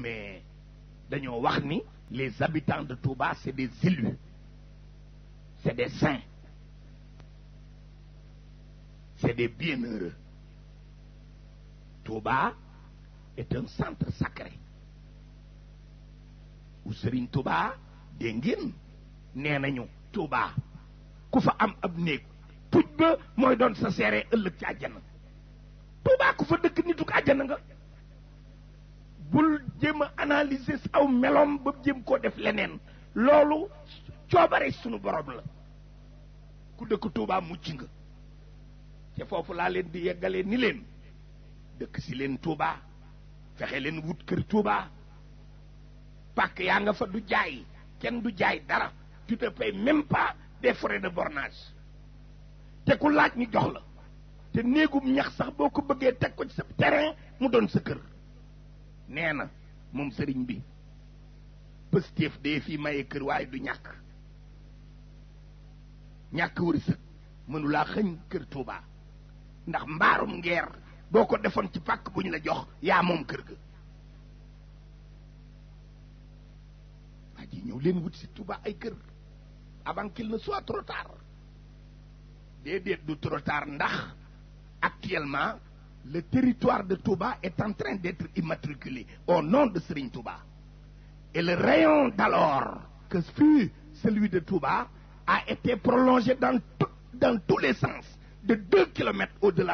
mais les habitants de Touba c'est des élus c'est des saints c'est des bienheureux Touba est un centre sacré où Serigne Touba Dengine, n'est Touba am ab sa ci Touba fa Jema analisis analyser melom ba jëm ko def leneen loolu coobare sunu borom la ku dëkk touba mucc nga te foofu laa leen di yeggalee ni leen dëkk si leen touba fexe leen wut kër touba pàkk yaa nga fa du jaay kenn du jaay dara tu te pay même pas des frais de bornage te ku laaj ñu jox la te néegum ñax sax boo ko bëggee ko ci sa terrain mu doon sa kër nee mom serigne bi pëstéef de fi maye keur way du ñak ñàkk mënu la xëñ keur touba ndax mbarum ngeer boko defon ci pak buñ la jox ya mom keur ga waa ji ñëw leen wut ci touba ay keur avant qu'il ne soit trop tard dedet du trop tard ndax actuellement le territoire de Touba est en train d'être immatriculé au nom de Serigne Touba. Et le rayon d'alors, que fut celui de Touba, a été prolongé dans, dans tous les sens, de 2 km au-delà.